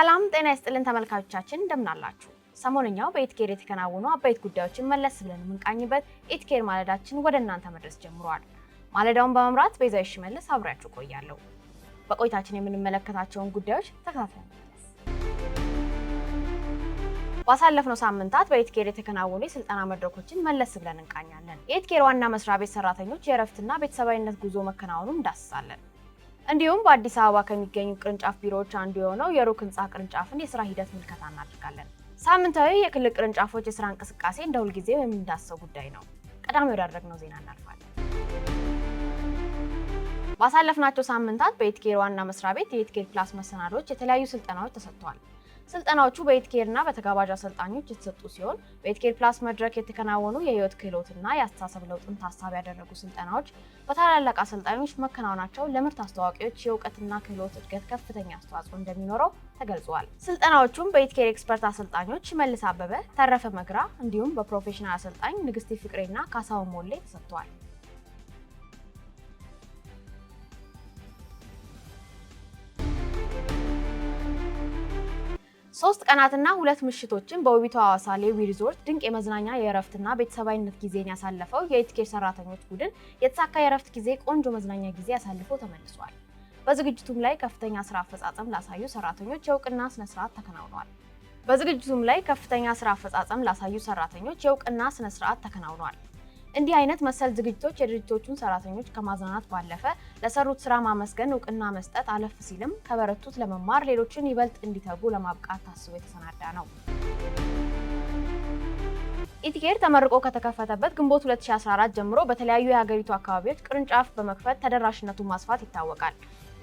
ሰላም ጤና ይስጥልን ተመልካቾቻችን እንደምናላችሁ። ሰሞነኛው በኢትኬር የተከናወኑ አበይት ጉዳዮችን መለስ ብለን የምንቃኝበት ኢትኬር ማለዳችን ወደ እናንተ መድረስ ጀምሯል። ማለዳውን በመምራት ቤዛ ይሽመልስ አብሬያችሁ ቆያለሁ። በቆይታችን የምንመለከታቸውን ጉዳዮች ተከታትለን ባሳለፍነው ሳምንታት በኢትኬር የተከናወኑ የስልጠና መድረኮችን መለስ ብለን እንቃኛለን። የኢትኬር ዋና መስሪያ ቤት ሰራተኞች የእረፍትና ቤተሰባዊነት ጉዞ መከናወኑን እንዳስሳለን። እንዲሁም በአዲስ አበባ ከሚገኙ ቅርንጫፍ ቢሮዎች አንዱ የሆነው የሩክ ህንፃ ቅርንጫፍን የስራ ሂደት ምልከታ እናደርጋለን። ሳምንታዊ የክልል ቅርንጫፎች የስራ እንቅስቃሴ እንደ ሁልጊዜ የምንዳሰው ጉዳይ ነው። ቀዳሚ ወዳደረግነው ዜና እናልፋለን። ባሳለፍናቸው ሳምንታት በኢትኬር ዋና መስሪያ ቤት የኢትኬር ፕላስ መሰናዶች የተለያዩ ስልጠናዎች ተሰጥተዋል። ስልጠናዎቹ በኢትኬርና በተጋባዥ አሰልጣኞች የተሰጡ ሲሆን በኢትኬር ፕላስ መድረክ የተከናወኑ የህይወት ክህሎትና የአስተሳሰብ ለውጥን ታሳቢ ያደረጉ ስልጠናዎች በታላላቅ አሰልጣኞች መከናወናቸው ለምርት አስተዋቂዎች የእውቀትና ክህሎት እድገት ከፍተኛ አስተዋጽኦ እንደሚኖረው ተገልጿል። ስልጠናዎቹም በኢትኬር ኤክስፐርት አሰልጣኞች መልስ አበበ፣ ተረፈ መግራ እንዲሁም በፕሮፌሽናል አሰልጣኝ ንግስቲ ፍቅሬና ካሳው ሞሌ ተሰጥተዋል። ሶስት ቀናትና ሁለት ምሽቶችን በውቢቷ ሐዋሳ ሌዊ ሪዞርት ድንቅ የመዝናኛ የእረፍትና ቤተሰባዊነት ጊዜን ያሳለፈው የኢቲኬር ሰራተኞች ቡድን የተሳካ የእረፍት ጊዜ፣ ቆንጆ መዝናኛ ጊዜ ያሳልፎ ተመልሷል። በዝግጅቱም ላይ ከፍተኛ ስራ አፈጻጸም ላሳዩ ሰራተኞች የእውቅና ስነስርዓት ተከናውኗል። በዝግጅቱም ላይ ከፍተኛ ስራ አፈጻጸም ላሳዩ ሰራተኞች የእውቅና ስነስርዓት ተከናውኗል። እንዲህ አይነት መሰል ዝግጅቶች የድርጅቶቹን ሰራተኞች ከማዝናናት ባለፈ ለሰሩት ስራ ማመስገን፣ እውቅና መስጠት፣ አለፍ ሲልም ከበረቱት ለመማር ሌሎችን ይበልጥ እንዲተጉ ለማብቃት ታስቦ የተሰናዳ ነው። ኢቲኬር ተመርቆ ከተከፈተበት ግንቦት 2014 ጀምሮ በተለያዩ የሀገሪቱ አካባቢዎች ቅርንጫፍ በመክፈት ተደራሽነቱን ማስፋት ይታወቃል።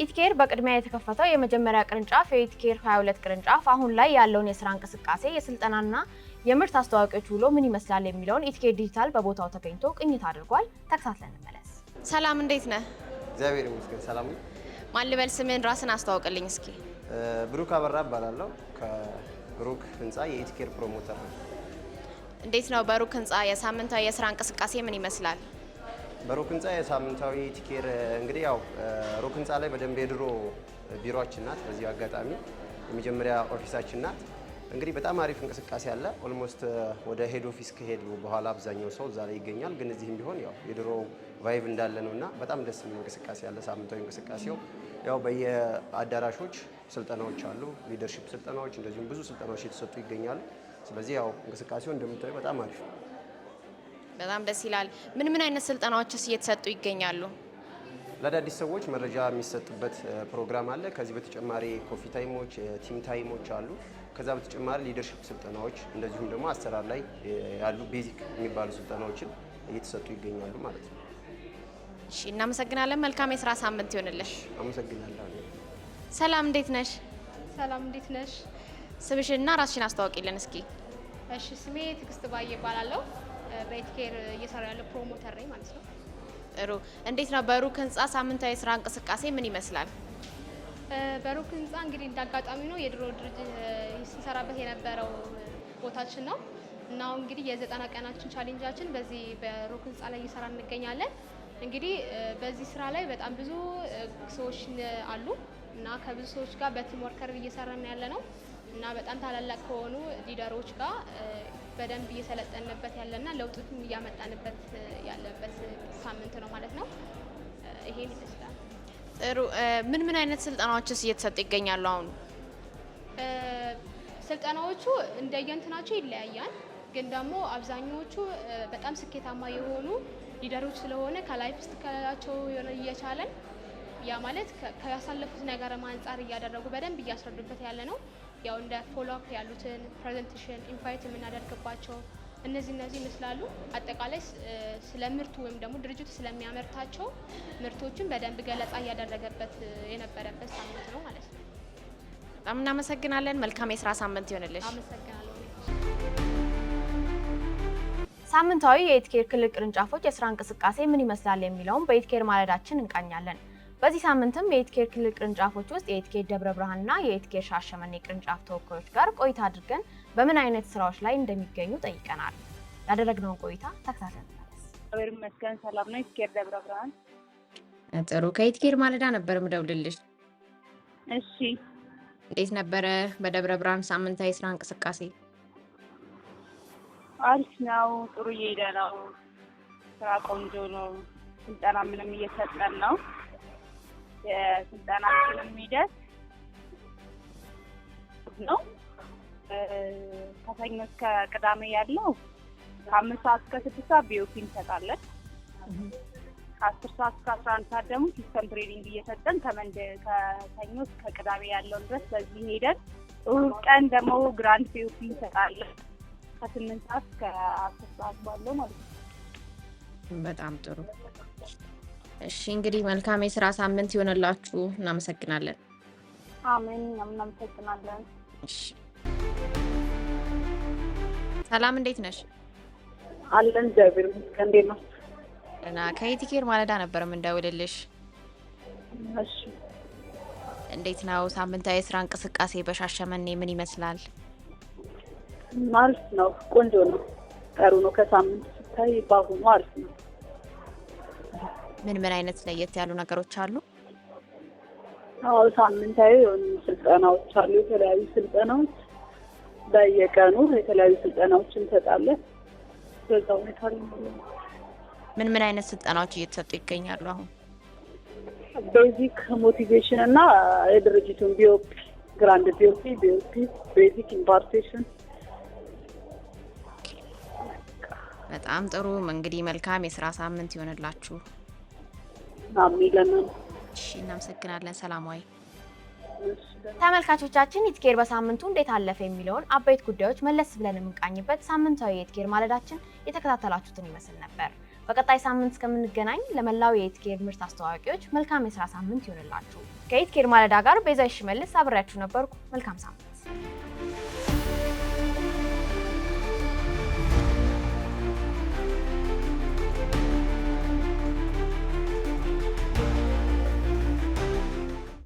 ኢትኬር በቅድሚያ የተከፈተው የመጀመሪያ ቅርንጫፍ የኢትኬር 22 ቅርንጫፍ አሁን ላይ ያለውን የስራ እንቅስቃሴ የስልጠናና የምርት አስተዋቂዎች ውሎ ምን ይመስላል የሚለውን ኢቲኬት ዲጂታል በቦታው ተገኝቶ ቅኝት አድርጓል። ተከታትለን እንመለስ። ሰላም፣ እንዴት ነህ? እግዚአብሔር ይመስገን ሰላም ነኝ። ማን ልበል? ስምህን ራስን አስተዋውቅልኝ እስኪ። ብሩክ አበራ እባላለሁ። ከብሩክ ህንፃ የኢቲኬር ፕሮሞተር ነው። እንዴት ነው በሩክ ህንፃ የሳምንታዊ የስራ እንቅስቃሴ ምን ይመስላል? በሩክ ህንፃ የሳምንታዊ ኢቲኬር እንግዲህ ያው ሩክ ህንፃ ላይ በደንብ የድሮ ቢሮችን ናት። አጋጣሚ የመጀመሪያ ኦፊሳችን ናት። እንግዲህ በጣም አሪፍ እንቅስቃሴ አለ። ኦልሞስት uh, ወደ ሄድ ኦፊስ ከሄዱ በኋላ አብዛኛው ሰው እዛ ላይ ይገኛል። ግን እዚህም ቢሆን ያው የድሮ ቫይቭ እንዳለ ነው እና በጣም ደስ የሚል እንቅስቃሴ አለ። ሳምንታዊ እንቅስቃሴው ያው በየአዳራሾች ስልጠናዎች አሉ፣ ሊደርሺፕ ስልጠናዎች፣ እንደዚሁም ብዙ ስልጠናዎች እየተሰጡ ይገኛሉ። ስለዚህ ያው እንቅስቃሴው እንደምታዩ በጣም አሪፍ ነው። በጣም ደስ ይላል። ምን ምን አይነት ስልጠናዎችስ እየተሰጡ ይገኛሉ? ለአዳዲስ ሰዎች መረጃ የሚሰጥበት ፕሮግራም አለ። ከዚህ በተጨማሪ ኮፊ ታይሞች፣ ቲም ታይሞች አሉ። ከዛ በተጨማሪ ሊደርሽፕ ስልጠናዎች እንደዚሁም ደግሞ አሰራር ላይ ያሉ ቤዚክ የሚባሉ ስልጠናዎችን እየተሰጡ ይገኛሉ ማለት ነው። እሺ፣ እናመሰግናለን። መልካም የስራ ሳምንት ይሆንልሽ። አመሰግናለሁ። ሰላም፣ እንዴት ነሽ? ሰላም፣ እንዴት ነሽ? ስምሽንና ራስሽን አስተዋውቂልን እስኪ። እሺ፣ ስሜ ትግስት ባዬ እባላለሁ። በኢትኬር እየሰራ ያለ ፕሮሞተር ነኝ ማለት ነው። ጥሩ። እንዴት ነው በሩክ ህንፃ ሳምንታዊ የስራ እንቅስቃሴ ምን ይመስላል? በሩክ ህንፃ እንግዲህ እንዳጋጣሚ ነው የድሮ ድርጅት ሲሰራበት የነበረው ቦታችን ነው እና አሁን እንግዲህ የዘጠና ቀናችን ቻሌንጃችን በዚህ በሩክ ህንፃ ላይ እየሰራ እንገኛለን። እንግዲህ በዚህ ስራ ላይ በጣም ብዙ ሰዎች አሉ እና ከብዙ ሰዎች ጋር በቲም ወርከር እየሰራን ያለ ነው እና በጣም ታላላቅ ከሆኑ ሊደሮች ጋር በደንብ እየሰለጠንበት ያለና ለውጡትም እያመጣንበት ያለበት ሳምንት ነው ማለት ነው። ይሄን ይመስላል። ጥሩ። ምን ምን አይነት ስልጠናዎችስ እየተሰጡ ይገኛሉ? አሁን ስልጠናዎቹ እንደየእንትናቸው ይለያያል። ግን ደግሞ አብዛኛዎቹ በጣም ስኬታማ የሆኑ ሊደሮች ስለሆነ ከላይፍ ስታይላቸው እየቻለን ያ ማለት ከያሳለፉት ነገር አንጻር እያደረጉ በደንብ እያስረዱበት ያለ ነው። ያው እንደ ፎሎአፕ ያሉትን ፕሬዘንቴሽን ኢንቫይት የምናደርግባቸው እነዚህ እነዚህ ይመስላሉ። አጠቃላይ ስለ ምርቱ ወይም ደግሞ ድርጅቱ ስለሚያመርታቸው ምርቶችን በደንብ ገለጻ እያደረገበት የነበረበት ሳምንት ነው ማለት ነው። በጣም እናመሰግናለን። መልካም የስራ ሳምንት ይሆንልሽ። ሳምንታዊ የኢትኬር ክልል ቅርንጫፎች የስራ እንቅስቃሴ ምን ይመስላል የሚለውም በኢትኬር ማለዳችን እንቃኛለን። በዚህ ሳምንትም የኢትኬር ክልል ቅርንጫፎች ውስጥ የኢትኬር ደብረ ብርሃንና የኢትኬር ሻሸመኔ ቅርንጫፍ ተወካዮች ጋር ቆይታ አድርገን በምን አይነት ስራዎች ላይ እንደሚገኙ ጠይቀናል። ያደረግነውን ቆይታ ተከታተል። እግዚአብሔር ይመስገን ሰላም ነው። ኢትኬር ደብረ ብርሃን ጥሩ። ከኢትኬር ማለዳ ነበር ምደውልልሽ። እሺ፣ እንዴት ነበረ በደብረ ብርሃን ሳምንታዊ ስራ እንቅስቃሴ? አሪፍ ነው። ጥሩ እየሄደ ነው። ስራ ቆንጆ ነው። ስልጠና ምንም እየሰጠን ነው የስልጠናችን ሂደት ነው። ከሰኞ እስከ ቅዳሜ ያለው ከአምስት ሰዓት እስከ ስድስት ሰዓት ቢዮፒ እንሰጣለን። ከአስር ሰዓት እስከ አስራ አንድ ሰዓት ደግሞ ሲስተም ትሬኒንግ እየሰጠን ከመንድ ከሰኞ እስከ ቅዳሜ ያለውን ድረስ በዚህ ሄደን እሑድ ቀን ደግሞ ግራንድ ቢዮፒ እንሰጣለን። ከስምንት ሰዓት እስከ አስር ሰዓት ባለው ማለት ነው። በጣም ጥሩ እሺ እንግዲህ መልካም የስራ ሳምንት ይሆንላችሁ። እናመሰግናለን። አሜን። እናመሰግናለን። ሰላም፣ እንዴት ነሽ? አለን እግዚአብሔር ይመስገን። እንዴት ነው? እና ከኢቲኬር ማለዳ ነበር እንደውልልሽ። እሺ እንዴት ነው ሳምንታዊ የስራ እንቅስቃሴ በሻሸመኔ ምን ይመስላል? አሪፍ ነው፣ ቆንጆ ነው። ቀሩ ነው ከሳምንት ስታይ በአሁኑ አሪፍ ነው። ምን ምን አይነት ለየት ያሉ ነገሮች አሉ? አዎ ሳምንታዊ የሆኑ ስልጠናዎች አሉ። የተለያዩ ስልጠናዎች በየቀኑ የተለያዩ ስልጠናዎችን እንሰጣለን። በዛ ሁኔታ ምን ምን አይነት ስልጠናዎች እየተሰጡ ይገኛሉ? አሁን ቤዚክ ሞቲቬሽን እና የድርጅቱን ቢኦፒ ግራንድ ቢኦፒ ቢኦፒ ቤዚክ ኢምፓርቴሽን በጣም ጥሩ እንግዲህ መልካም የስራ ሳምንት ይሆንላችሁ። እሺ እናመሰግናለን። ሰላማዊ ተመልካቾቻችን ኢትኬር በሳምንቱ እንዴት አለፈ የሚለውን አበይት ጉዳዮች መለስ ብለን የምንቃኝበት ሳምንታዊ የኢትኬር ማለዳችን የተከታተላችሁትን ይመስል ነበር። በቀጣይ ሳምንት እስከምንገናኝ ለመላው የኢትኬር ምርት አስተዋዋቂዎች መልካም የስራ ሳምንት ይሆንላችሁ። ከኢትኬር ማለዳ ጋር ቤዛ ይሽመልስ አብሬያችሁ ነበርኩ። መልካም ሳምንት